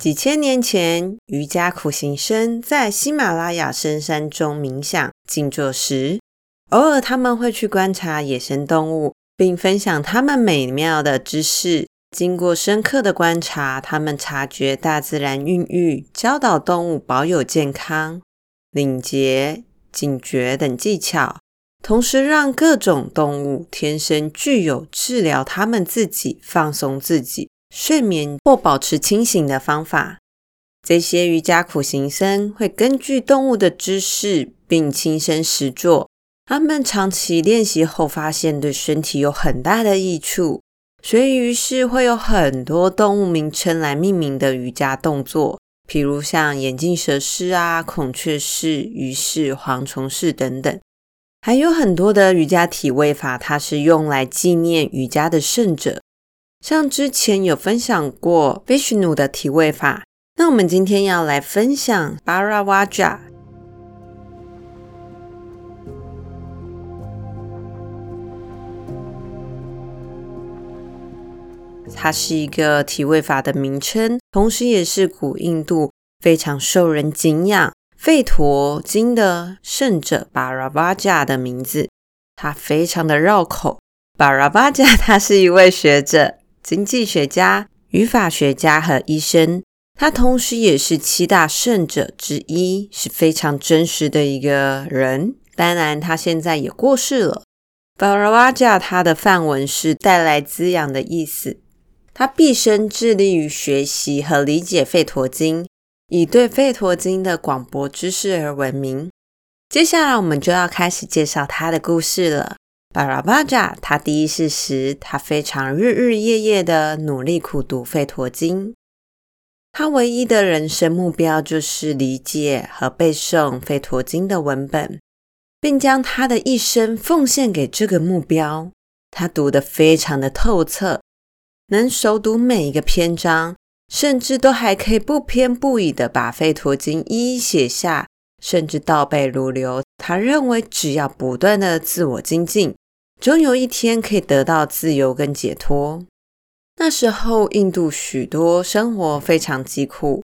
幾千年前，瑜伽苦行僧在喜馬拉雅深山中冥想靜坐時，偶爾他們會去觀察野生動物，並分享他們美妙的知識。經過深刻的觀察，他們察覺大自然孕育、教導動物保有健康、整潔、警覺等技巧，同時讓各種動物天生具有治療他們自己、放鬆自己，睡眠或保持清醒的方法。這些瑜伽苦行僧會根據動物的姿勢，並親身實做。他們長期練習後發現對身體有很大的益處，所以於是會有很多動物名稱來命名的瑜伽動作，譬如像眼鏡蛇式啊、孔雀式、魚式、蝗蟲式等等，還有很多的瑜伽體位法，它是用來紀念瑜伽的聖者。像之前有分享過 Vishnu 的體位法，那我們今天要來分享 Bharadvaja，它是一個體位法的名稱，同時也是古印度非常受人敬仰，吠陀經的聖者 Bharadvaja 的名字，它非常的繞口。Bharadvaja 他是一位學者。經濟學家、語法學家和醫生，他同時也是七大聖者之一，是非常真實的一個人。當然，他現在也過世了。巴拉瓦伽他的梵文是帶來滋養的意思。他畢生致力於學習和理解吠陀經，以對吠陀經的廣博知識而聞名。接下來，我們就要開始介紹他的故事了。巴拉瓦伽他第一世時，他非常日日夜夜的努力苦讀《吠陀經》，他唯一的人生目標就是理解和背誦《吠陀經》的文本，並將他的一生奉獻給這個目標。他讀得非常的透徹，能熟讀每一個篇章，甚至都還可以不偏不倚的把《吠陀經》一一寫下，甚至倒背如流。他認為，只要不斷的自我精進。終有一天可以得到自由跟解脫。那時候，印度許多生活非常疾苦，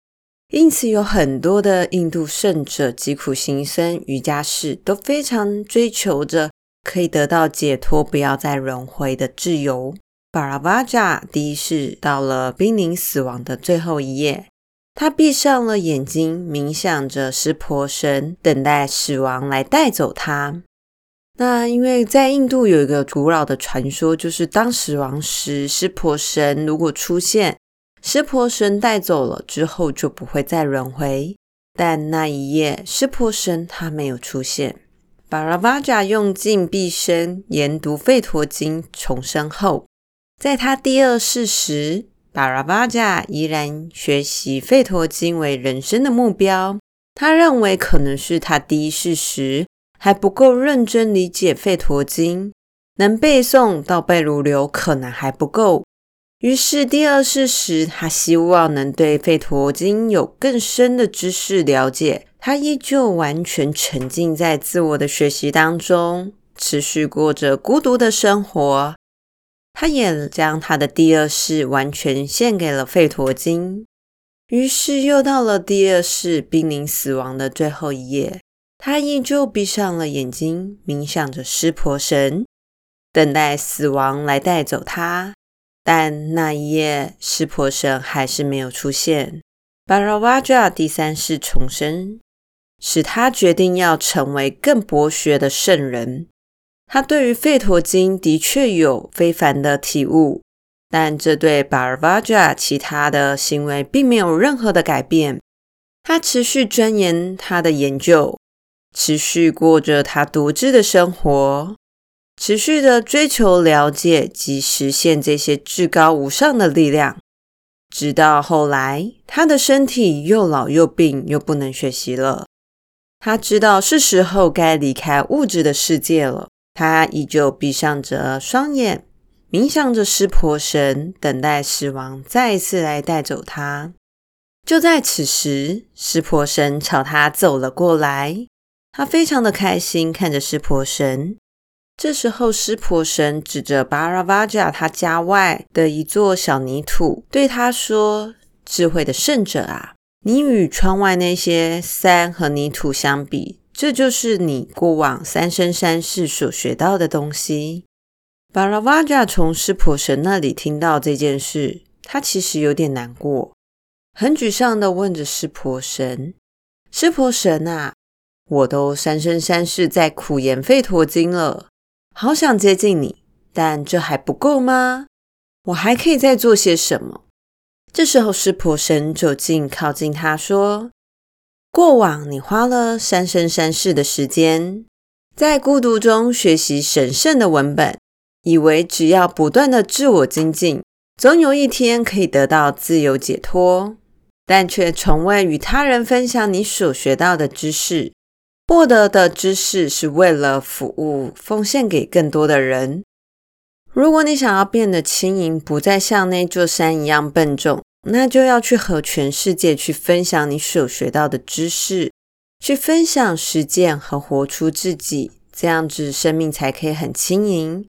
因此有很多的印度聖者、疾苦行僧、瑜伽士都非常追求着可以得到解脫，不要再輪回的自由。巴拉瓦伽第一世到了瀕臨死亡的最後一夜，他閉上了眼睛，冥想着濕婆神，等待死亡來帶走他。那因為在印度有一個古老的傳說，就是當死亡時，濕婆神如果出現，濕婆神帶走了之後就不會再輪迴。但那一夜，濕婆神他沒有出現。巴拉瓦伽用盡畢生研讀吠陀經，重生後，在他第二世時，巴拉瓦伽依然學習吠陀經為人生的目標。他認為可能是他第一世時。還不夠認真理解《吠陀經》，能背誦、倒背如流可能還不夠。於是第二世時，他希望能對《吠陀經》有更深的知識了解。他依舊完全沉浸在自我的學習當中，持續過着孤獨的生活。他也將他的第二世完全獻給了《吠陀經》。於是又到了第二世瀕臨死亡的最後一夜。他依舊閉上了眼睛，冥想着濕婆神，等待死亡來帶走他。但那一夜，濕婆神還是沒有出現。巴拉瓦伽第三世重生，使他決定要成為更博學的聖人。他對於吠陀經的確有非凡的體悟，但這對巴拉瓦伽其他的行為並沒有任何的改變。他持續鑽研他的研究。持續過着他獨自的生活，持續的追求了解及實現這些至高無上的力量，直到後來，他的身體又老又病，又不能學習了。他知道是時候該離開物質的世界了。他依舊閉上着雙眼，冥想着濕婆神，等待死亡再次來帶走他。就在此時，濕婆神朝他走了過來。他非常的開心，看着濕婆神。這時候，濕婆神指着巴拉瓦伽他家外的一座小泥土，對他說：“智慧的聖者啊，你與窗外那些山和泥土相比，這就是你過往三生三世所學到的東西。”巴拉瓦伽從濕婆神那裡聽到這件事，他其實有點難過，很沮喪地問着濕婆神：“濕婆神啊！”我都三生三世在苦研《吠陀經》了，好想接近你，但這還不夠嗎？我還可以再做些什麼？這時候，濕婆神走近，靠近他說：“過往你花了三生三世的時間，在孤獨中學習神聖的文本，以為只要不斷的自我精進，總有一天可以得到自由解脫，但卻從未與他人分享你所學到的知識。”獲得的知識是為了服務，奉獻給更多的人。如果你想要變得輕盈，不再像那座山一樣笨重，那就要去和全世界去分享你所學到的知識，去分享實踐和活出自己，這樣子生命才可以很輕盈。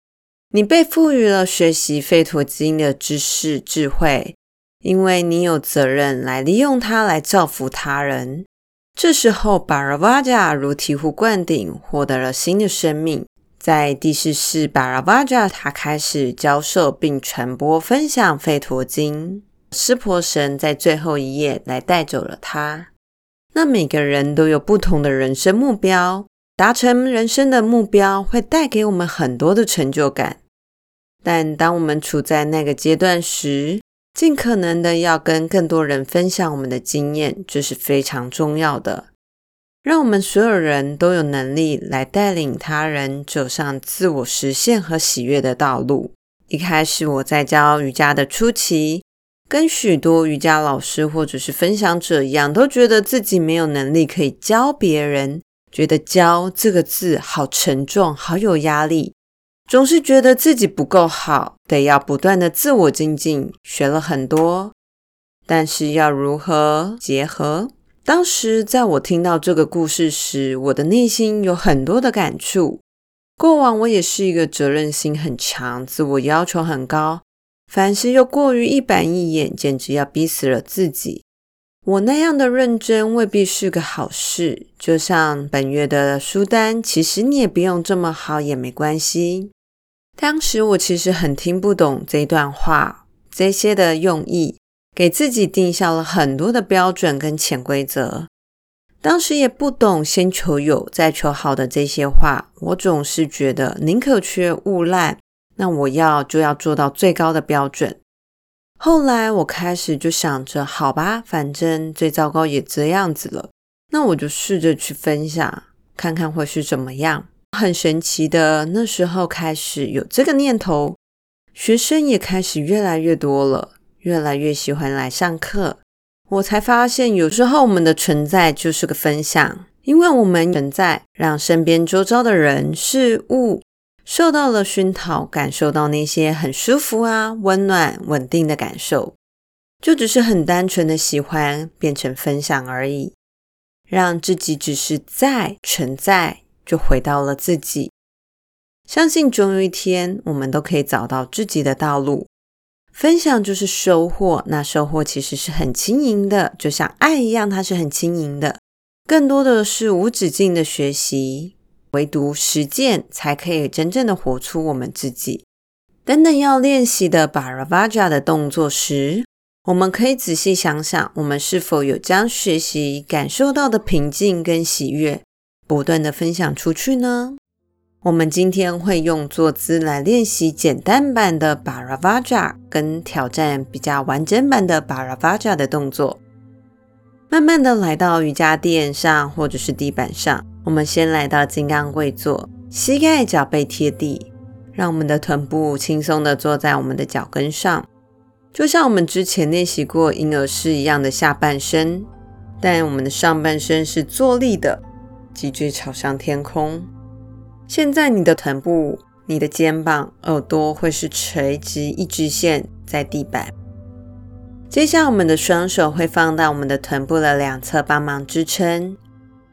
你被賦予了學習《吠陀經》的知識智慧，因為你有責任來利用它來造福他人。這時候巴拉瓦伽如醍醐灌頂，獲得了新的生命。在第四世巴拉瓦伽他開始教授，並傳播、分享《吠陀經》。濕婆神在最後一夜來帶走了他。那每個人都有不同的人生目標，達成人生的目標會帶給我們很多的成就感。但當我們處在那個階段時，盡可能的要跟更多人分享我們的經驗，這是非常重要的。讓我們所有人都有能力來帶領他人走上自我實現和喜悅的道路。一開始我在教瑜伽的初期，跟許多瑜伽老師或者是分享者一樣，都覺得自己沒有能力可以教別人，覺得教這個字好沉重，好有壓力。總是覺得自己不夠好，得要不斷的自我精進。學了很多，但是要如何結合？當時在我聽到這個故事時，我的內心有很多的感觸。過往我也是一個責任心很強、自我要求很高，凡事又過於一板一眼，簡直要逼死了自己。我那樣的認真未必是個好事。就像本月的書單，其實你也不用這麼好，也沒關係。當時我其實很聽不懂這一段話，這些的用意，給自己定下了很多的標準跟潛規則。當時也不懂先求有再求好的這些話，我總是覺得寧可缺勿濫，那我要就要做到最高的標準。後來我開始就想着，好吧，反正最糟糕也這樣子了，那我就試着去分享，看看會是怎麼樣。很神奇的，那時候開始有這個念頭，學生也開始越來越多了，越來越喜歡來上課。我才發現，有時候我們的存在就是個分享，因為我們存在，讓身邊周遭的人事物受到了熏陶，感受到那些很舒服啊、溫暖、穩定的感受，就只是很單純的喜歡變成分享而已，讓自己只是在存在。就回到了自己，相信總有一天，我們都可以找到自己的道路。分享就是收穫，那收穫其實是很輕盈的，就像愛一樣，它是很輕盈的。更多的是無止境的學習，唯獨實踐才可以真正的活出我們自己。等等，要練習的巴拉瓦伽的動作時，我們可以仔細想想，我們是否有將學習感受到的平靜跟喜悅，不斷的分享出去呢。我們今天會用坐姿來練習簡單版的巴拉瓦伽，跟挑戰比較完整版的巴拉瓦伽的動作。慢慢的來到瑜伽墊上或者是地板上，我們先來到金剛跪坐，膝蓋腳背貼地，讓我們的臀部輕鬆的坐在我們的腳跟上，就像我們之前練習過嬰兒式一樣的下半身，但我們的上半身是坐立的。脊椎朝向天空。現在你的臀部、你的肩膀、耳朵會是垂直一直線在地板。接下來，我們的雙手會放到我們的臀部的兩側，幫忙支撐。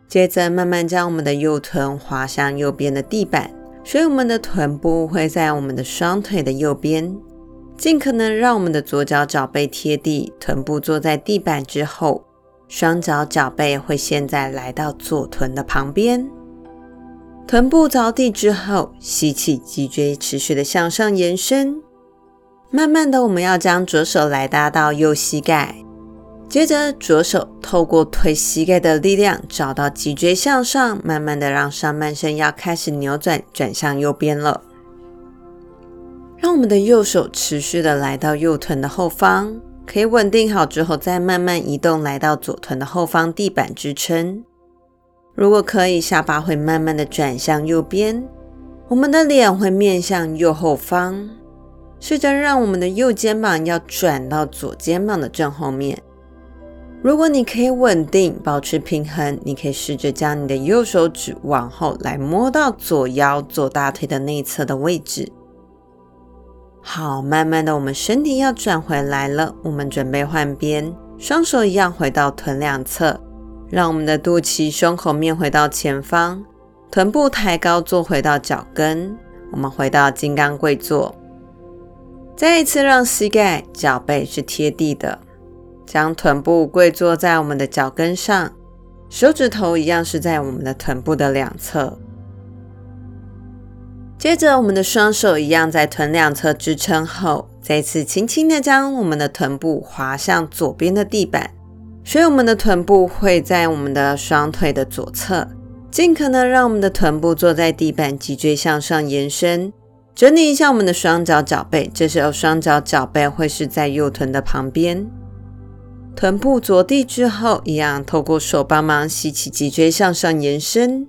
接着，慢慢將我們的右臀滑向右邊的地板，所以我們的臀部會在我們的雙腿的右邊。盡可能讓我們的左腳腳背貼地，臀部坐在地板之後。雙腳腳背會現在來到左臀的旁邊，臀部着地之後，吸氣，脊椎持續的向上延伸。慢慢的，我們要將左手來搭到右膝蓋，接着左手透過推膝蓋的力量，找到脊椎向上，慢慢的讓上半身要開始扭轉，轉向右邊了。讓我們的右手持續的來到右臀的後方。可以穩定好之後，再慢慢移動，來到左臀的後方地板支撐。如果可以，下巴會慢慢的轉向右邊，我們的臉會面向右後方。試着讓我們的右肩膀要轉到左肩膀的正後面。如果你可以穩定保持平衡，你可以試着將你的右手指往後來摸到左腰左大腿的內側的位置。好，慢慢的，我們身體要轉回來了，我們準備換邊，雙手一樣回到臀兩側，讓我們的肚臍、胸口面回到前方，臀部抬高坐回到腳跟，我們回到金剛跪坐。再一次讓膝蓋、腳背是貼地的，將臀部跪坐在我們的腳跟上，手指頭一樣是在我們的臀部的兩側。接着，我們的雙手一樣在臀兩側支撐後，再次輕輕的將我們的臀部滑向左邊的地板，所以我們的臀部會在我們的雙腿的左側。盡可能讓我們的臀部坐在地板，脊椎向上延伸。整理一下我們的雙腳腳背，這時候雙腳腳背會是在右臀的旁邊。臀部着地之後，一樣透過手幫忙吸氣，脊椎向上延伸。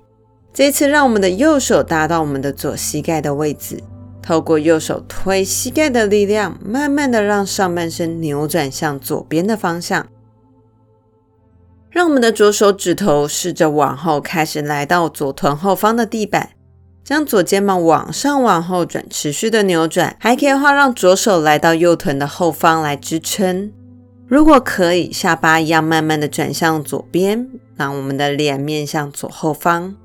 這次讓我們的右手搭到我們的左膝蓋的位置，透過右手推膝蓋的力量，慢慢的讓上半身扭轉向左邊的方向。讓我們的左手指頭試着往後開始來到左臀後方的地板，將左肩膀往上往後轉，持續的扭轉。還可以的話，讓左手來到右臀的後方來支撐。如果可以，下巴一樣慢慢的轉向左邊，讓我們的臉面向左後方。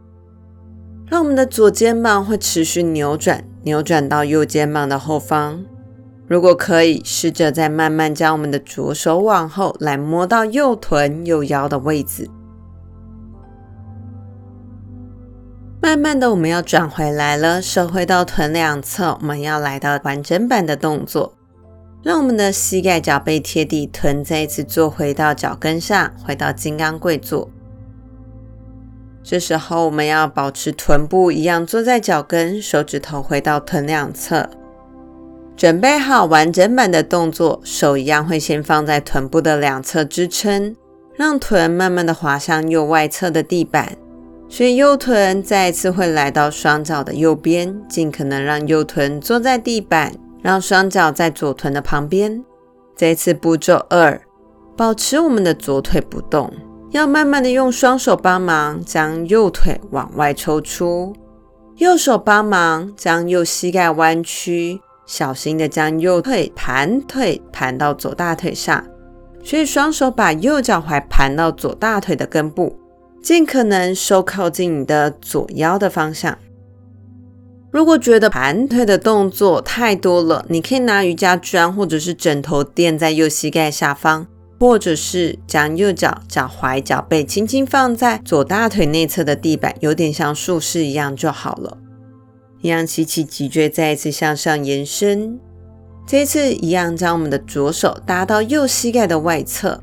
讓我們的左肩膀會持續扭轉，扭轉到右肩膀的後方。如果可以，試着再慢慢將我們的左手往後來摸到右臀右腰的位置。慢慢的，我們要轉回來了，手回到臀兩側，我們要來到完整版的動作。讓我們的膝蓋腳背貼地，臀再一次坐回到腳跟上，回到金剛跪坐。這時候我們要保持臀部一樣坐在腳跟，手指頭回到臀兩側，準備好完整版的動作，手一樣會先放在臀部的兩側支撐，讓臀慢慢的滑向右外側的地板，所以右臀再一次會來到雙腳的右邊，盡可能讓右臀坐在地板，讓雙腳在左臀的旁邊。這一次步驟二，保持我們的左腿不動。要慢慢的用雙手幫忙將右腿往外抽出，右手幫忙將右膝蓋彎曲，小心的將右腿盤腿盤到左大腿上，所以雙手把右腳踝盤到左大腿的根部，盡可能收靠近你的左腰的方向。如果覺得盤腿的動作太多了，你可以拿瑜伽磚或者是枕頭墊在右膝蓋下方。或者是將右腳腳踝、腳背輕輕放在左大腿內側的地板，有點像樹式一樣就好了。一樣吸氣，脊椎再一次向上延伸。這一次，一樣將我們的左手搭到右膝蓋的外側，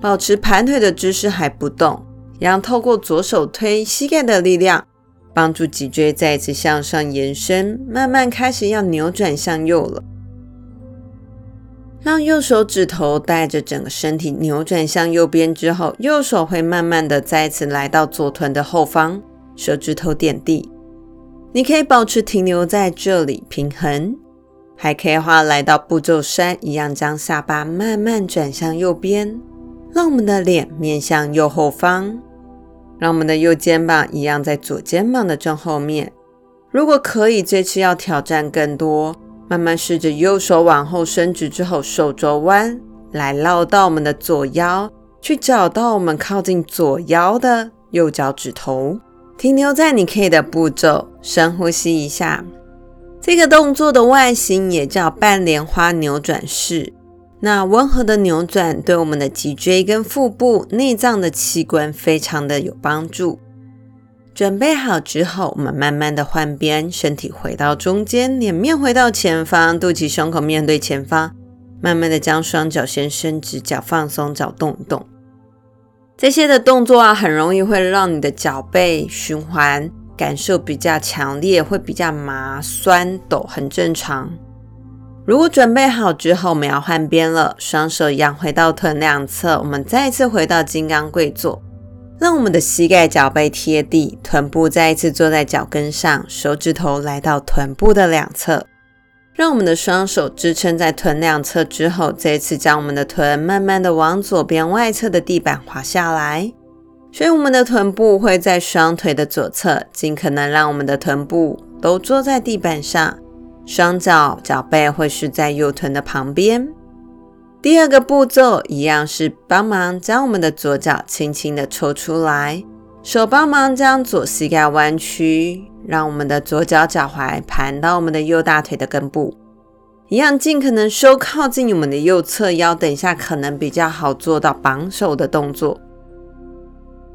保持盤腿的姿勢還不動。然後透過左手推膝蓋的力量，幫助脊椎再一次向上延伸，慢慢開始要扭轉向右了。讓右手指頭帶着整個身體扭轉向右邊之後，右手會慢慢的再次來到左臀的後方，手指頭點地。你可以保持停留在這裡平衡，還可以的話來到步驟三一樣，將下巴慢慢轉向右邊，讓我們的臉面向右後方，讓我們的右肩膀一樣在左肩膀的正後面。如果可以，這次要挑戰更多。慢慢試着右手往後伸直之後，手肘彎，來繞到我們的左腰，去找到我們靠近左腰的右腳趾頭，停留在你可以的步驟，深呼吸一下。這個動作的外形也叫半蓮花扭轉式，那溫和的扭轉對我們的脊椎跟腹部內臟的器官非常的有幫助。準備好之後，我們慢慢的換邊，身體回到中間，臉面回到前方，肚臍胸口面對前方，慢慢的將雙腳先伸直，腳放鬆，腳動一動。這些的動作啊，很容易會讓你的腳背循環感受比較強烈，會比較麻、酸、抖，很正常。如果準備好之後，我們要換邊了，雙手一樣回到臀兩側，我們再一次回到金剛跪坐。讓我們的膝蓋腳背貼地，臀部再一次坐在腳跟上，手指頭來到臀部的兩側，讓我們的雙手支撐在臀兩側之後，再一次將我們的臀慢慢的往左邊外側的地板滑下來。所以我們的臀部會在雙腿的左側，盡可能讓我們的臀部都坐在地板上，雙腳腳背會是在右臀的旁邊。第二個步驟一樣是幫忙將我們的左腳輕輕的抽出來，手幫忙將左膝蓋彎曲，讓我們的左腳腳踝盤到我們的右大腿的根部，一樣盡可能收靠近我們的右側腰，等一下可能比較好做到綁手的動作。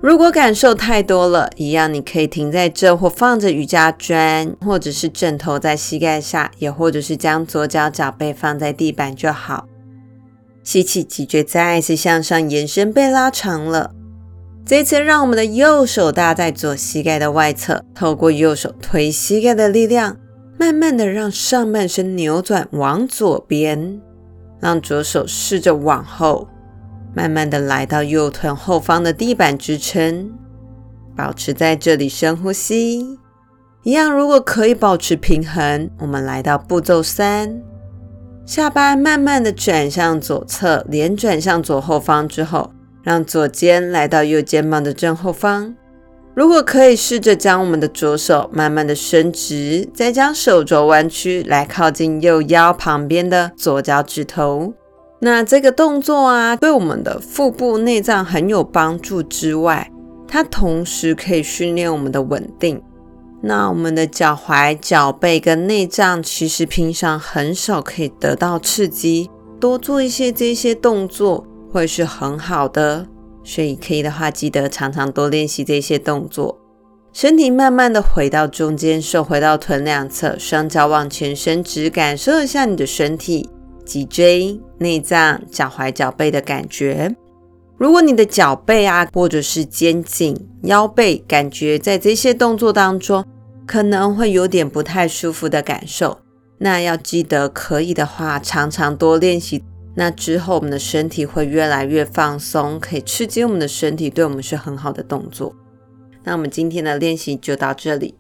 如果感受太多了一樣，你可以停在這或放着瑜伽磚，或者是枕頭在膝蓋下，也或者是將左腳腳背放在地板就好。吸氣，脊椎再次向上延伸，被拉長了。這次，讓我們的右手搭在左膝蓋的外側，透過右手推膝蓋的力量，慢慢的讓上半身扭轉往左邊，讓左手試着往後，慢慢的來到右臀後方的地板支撐，保持在這裡，深呼吸。一樣，如果可以保持平衡，我們來到步驟三。下巴慢慢的轉向左側，臉轉向左後方之後，讓左肩來到右肩膀的正後方。如果可以，試着將我們的左手慢慢的伸直，再將手肘彎曲來靠近右腰旁邊的左腳趾頭。那這個動作啊，對我們的腹部內臟很有幫助之外，它同時可以訓練我們的穩定。那我們的腳踝、腳背跟內臟，其實平常很少可以得到刺激，多做一些這些動作會是很好的。所以可以的話，記得常常多練習這些動作。身體慢慢的回到中間，收回到臀兩側，雙腳往前伸直，感受一下你的身體、脊椎、內臟、腳踝、腳背的感覺。如果你的腳背啊，或者是肩頸、腰背，感覺在這些動作當中可能會有點不太舒服的感受，那要記得，可以的話，常常多練習。那之後，我們的身體會越來越放鬆，可以刺激我們的身體，對我們是很好的動作。那我們今天的練習就到這裡。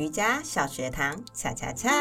瑜伽小學堂小恰恰，恰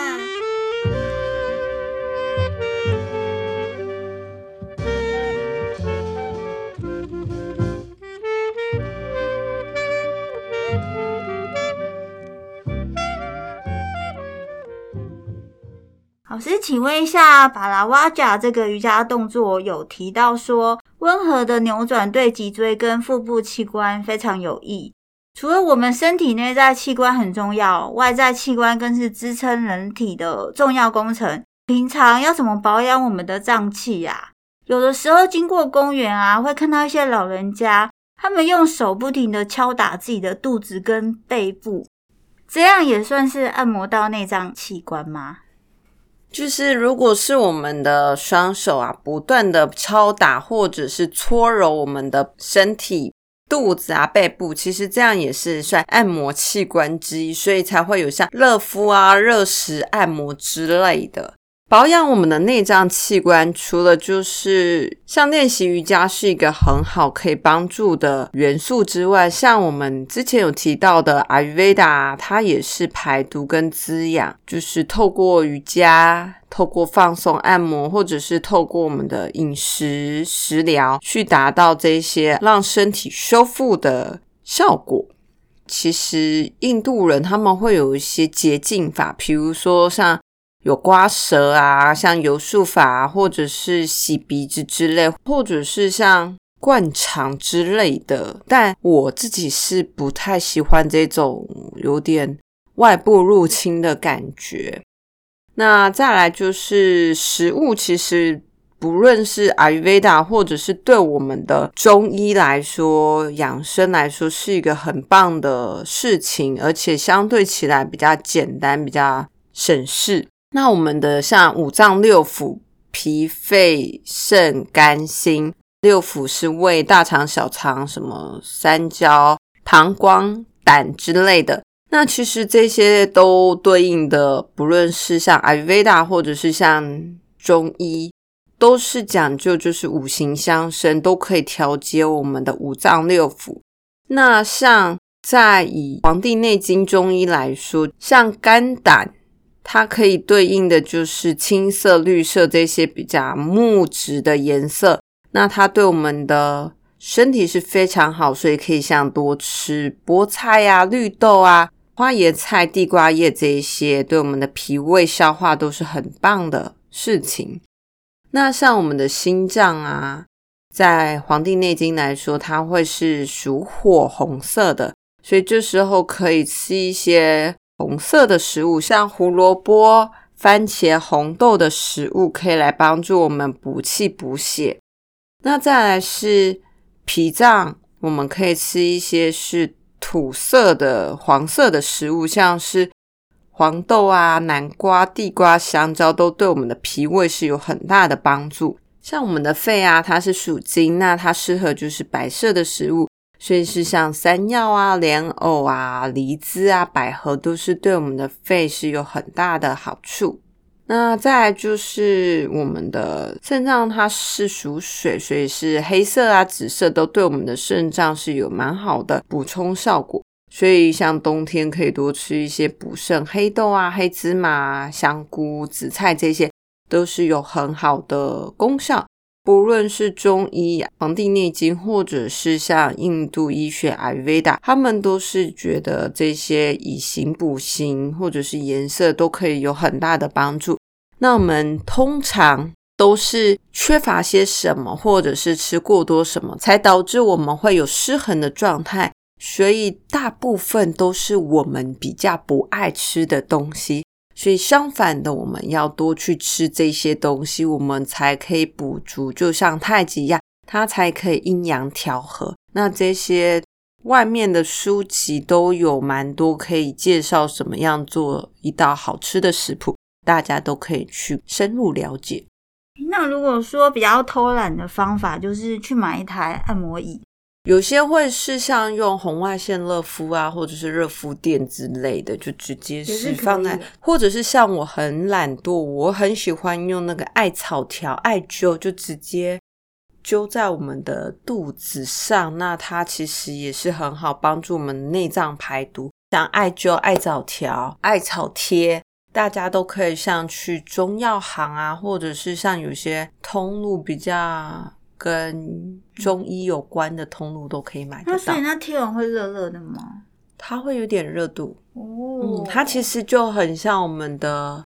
老師，請問一下，巴拉瓦伽這個瑜伽動作有提到說，溫和的扭轉對脊椎跟腹部器官非常有益。除了我們身體內在器官很重要，外在器官更是支撐人體的重要工程。平常要怎麼保養我們的臟器呀？有的時候經過公園啊，會看到一些老人家，他們用手不停的敲打自己的肚子跟背部，這樣也算是按摩到內臟器官嗎？就是如果是我們的雙手啊，不斷的敲打或者是搓揉我們的身體。肚子啊，背部，其實這樣也是算按摩器官之一，所以才會有像熱敷啊、熱石按摩之類的。保養我們的內臟器官，除了就是像練習瑜伽是一個很好可以幫助的元素之外，像我們之前有提到的阿育吠陀，它也是排毒跟滋養，就是透過瑜伽、透過放鬆按摩，或者是透過我們的飲食食療去達到這些讓身體修復的效果。其實印度人他們會有一些捷徑法，比如說像。有刮舌啊，像油術法啊，或者是洗鼻子之類，或者是像灌腸之類的。但我自己是不太喜歡這種有點外部入侵的感覺。那再來就是食物，其實不論是阿育吠陀，或者是對我們的中醫來說，養生來說是一個很棒的事情，而且相對起來比較簡單，比較省事。那我們的像五臟六腑、脾、肺、腎、肝、肝、心，六腑是胃、大腸、小腸、什麼三焦、膀胱、膽之類的。那其實這些都對應的，不論是像艾維達，或者是像中醫，都是講究就是五行相生，都可以調節我們的五臟六腑。那像在以《黃帝內經》中醫來說，像肝膽。它可以對應的就是青色、綠色這些比較木質的顏色，那它對我們的身體是非常好，所以可以像多吃菠菜呀、啊、綠豆啊、花椰菜、地瓜葉這些，對我們的脾胃消化都是很棒的事情。那像我們的心臟啊，在《黃帝內經》來說，它會是屬火紅色的，所以這時候可以吃一些。紅色的食物，像胡蘿蔔、番茄、紅豆的食物，可以來幫助我們補氣補血。那再來是脾臟，我們可以吃一些是土色的、黃色的食物，像是黃豆啊、南瓜、地瓜、香蕉，都對我們的脾胃是有很大的幫助。像我們的肺啊，它是屬金啊，那它適合就是白色的食物。所以是像山藥啊、蓮藕啊、梨子啊、百合，都是對我們的肺是有很大的好處。那再來就是我們的腎臟，它是屬水，所以是黑色啊、紫色，都對我們的腎臟是有蠻好的補充效果。所以像冬天可以多吃一些補腎，黑豆啊、黑芝麻、香菇、紫菜，這些都是有很好的功效。無論是中醫《黃帝內經》，或者是像印度醫學艾維達，他們都是覺得這些以形補形，或者是顏色都可以有很大的幫助。那我們通常都是缺乏些什麼，或者是吃過多什麼，才導致我們會有失衡的狀態？所以大部分都是我們比較不愛吃的東西。所以相反的，我們要多去吃這些東西，我們才可以補足。就像太極一樣，它才可以陰陽調和。那這些外面的書籍都有蠻多可以介紹什麼樣做一道好吃的食譜，大家都可以去深入了解。那如果說比較偷懶的方法，就是去買一台按摩椅。有些會是像用紅外線熱敷啊，或者是熱敷墊之類的，就直接是放在；或者是像我很懶惰，我很喜歡用那個艾草條艾灸，就直接灸在我們的肚子上。那它其實也是很好幫助我們內臟排毒，像艾灸、艾草條、艾草貼，大家都可以像去中藥行啊，或者是像有些通路比較。跟中醫有關的通路都可以買到，嗯。那所以那貼完會熱熱的嗎？它會有點熱度哦，嗯。它其實就很像我們的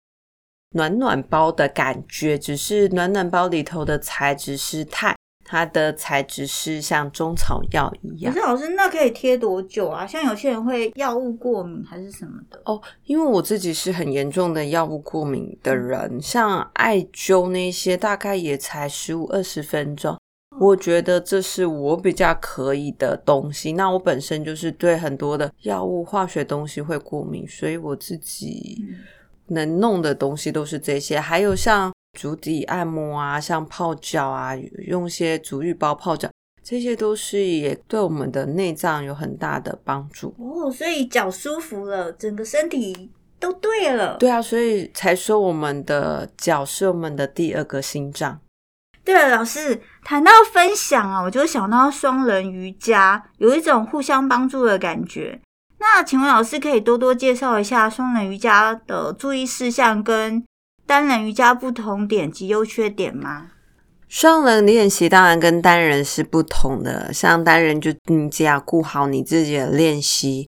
暖暖包的感覺，只是暖暖包裡頭的材質是碳，它的材質是像中草藥一樣。可是老，老師，那可以貼多久啊？像有些人會藥物過敏還是什麼的哦。因為我自己是很嚴重的藥物過敏的人，像艾灸那些大概也才十五二十分鐘。我覺得這是我比較可以的東西。那我本身就是對很多的藥物化學東西會過敏，所以我自己能弄的東西都是這些。還有像足底按摩啊、像泡腳啊，用些足浴包泡腳，這些都是也對我們的內臟有很大的幫助。哦，所以腳舒服了，整個身體都對了。對啊，所以才說我們的腳是我們的第二個心臟。對了，老師談到分享啊、哦，我就想到雙人瑜伽，有一種互相幫助的感覺。那請問老師可以多多介紹一下雙人瑜伽的注意事項跟單人瑜伽不同點及優缺點嗎？雙人練習當然跟單人是不同的，像單人就你只要顧好你自己的練習。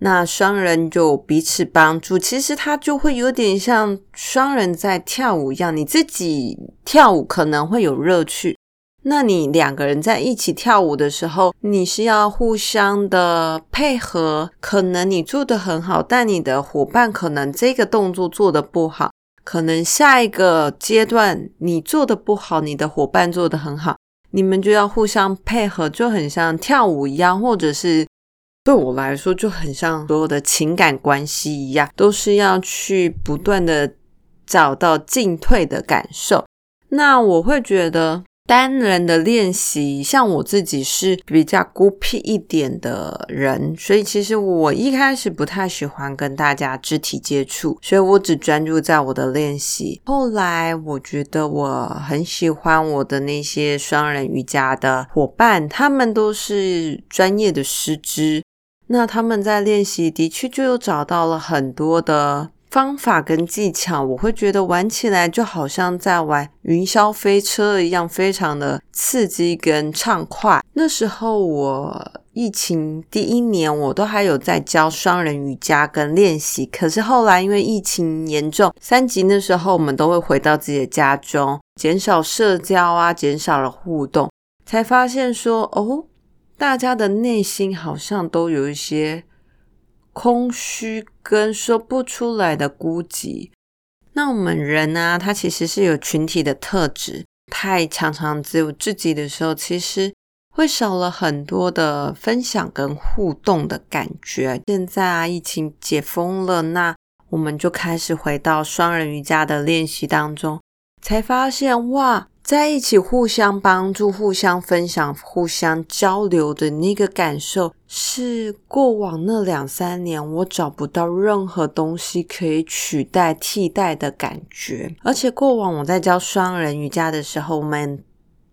那雙人就彼此幫助，其實他就會有點像雙人在跳舞一樣。你自己跳舞可能會有樂趣，那你兩個人在一起跳舞的時候，你是要互相的配合。可能你做得很好，但你的夥伴可能這個動作做得不好。可能下一個階段你做得不好，你的夥伴做得很好，你們就要互相配合，就很像跳舞一樣，或者是。對我來說就很像所有的情感關係一樣，都是要去不斷的找到進退的感受。那我會覺得單人的練習，像我自己是比較孤僻一點的人，所以其實我一開始不太喜歡跟大家肢體接觸，所以我只專注在我的練習。後來我覺得我很喜歡我的那些雙人瑜伽的夥伴，他們都是專業的師資。那他們在練習，的確就又找到了很多的方法跟技巧。我會覺得玩起來就好像在玩雲霄飛車一樣，非常的刺激跟暢快。那時候我疫情第一年，我都還有在教雙人瑜伽跟練習。可是後來因為疫情嚴重，三級那時候我們都會回到自己的家中，減少社交啊，減少了互動，才發現說哦。大家的內心好像都有一些空虛跟說不出來的孤寂。那我們人啊，他其實是有群體的特質，太常常只有自己的時候，其實會少了很多的分享跟互動的感覺。現在啊，疫情解封了，那我們就開始回到雙人瑜伽的練習當中，才發現，哇，在一起互相幫助、互相分享、互相交流的那個感受，是過往那兩三年我找不到任何東西可以取代、替代的感覺。而且，過往我在教雙人瑜伽的時候，我們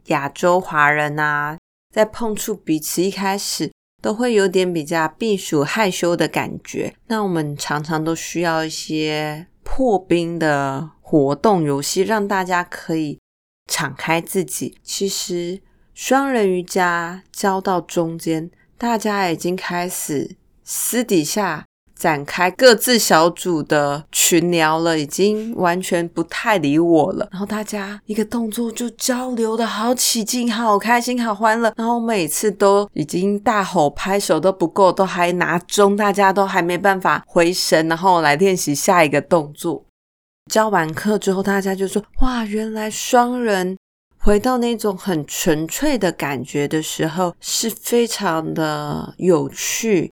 亞洲華人啊，在碰觸彼此一開始都會有點比較閉俗害羞的感覺。那我們常常都需要一些破冰的活動遊戲，讓大家可以敞開自己。其實雙人瑜伽教到中間，大家已經開始私底下展開各自小組的群聊了，已經完全不太理我了。然後大家一個動作就交流的好起勁、好開心、好歡樂。然後每次都已經大吼拍手都不夠，都還拿鐘，大家都還沒辦法回神，然後來練習下一個動作。教完課之後，大家就說：“哇，原來雙人回到那種很純粹的感覺的時候是非常的有趣。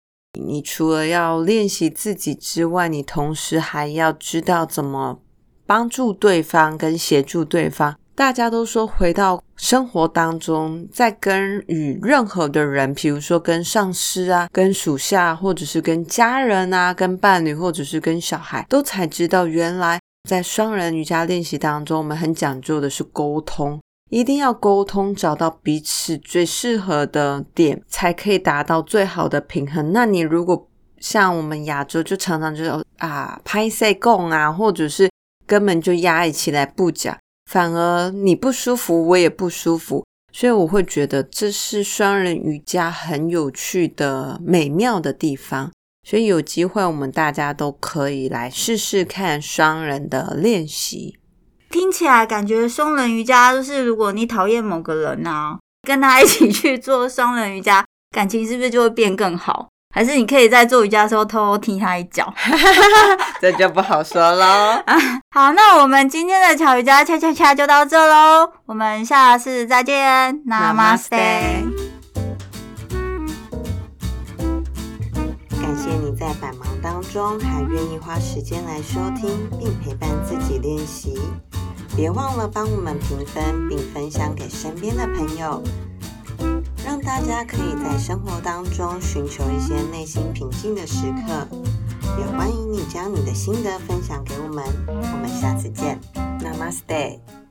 你除了要練習自己之外，你同時還要知道怎麼幫助對方跟協助對方。大家都說，回到生活當中，在跟與任何的人，比如說跟上司啊、跟屬下，或者是跟家人啊、跟伴侶，或者是跟小孩，都才知道原來。”在雙人瑜伽練習當中，我們很講究的是溝通，一定要溝通，找到彼此最適合的點，才可以達到最好的平衡。那你如果像我們亞洲，就常常就啊拍賽供啊，或者是根本就壓抑起來不講，反而你不舒服，我也不舒服，所以我會覺得這是雙人瑜伽很有趣的美妙的地方。所以有機會，我們大家都可以來試試看雙人的練習。聽起來感覺雙人瑜伽就是，如果你討厭某個人呢、啊，跟他一起去做雙人瑜伽，感情是不是就會變更好？還是你可以在做瑜伽的時候偷偷踢他一腳？這就不好說嘍 、啊。好，那我們今天的巧瑜伽恰恰恰就到這嘍，我們下次再見，Namaste。Namaste。中還願意花時間來收聽並陪伴自己練習，別忘了幫我們評分並分享給身邊的朋友，讓大家可以在生活當中尋求一些內心平靜的時刻。也歡迎你將你的心得分享給我們，我們下次見，Namaste。Nam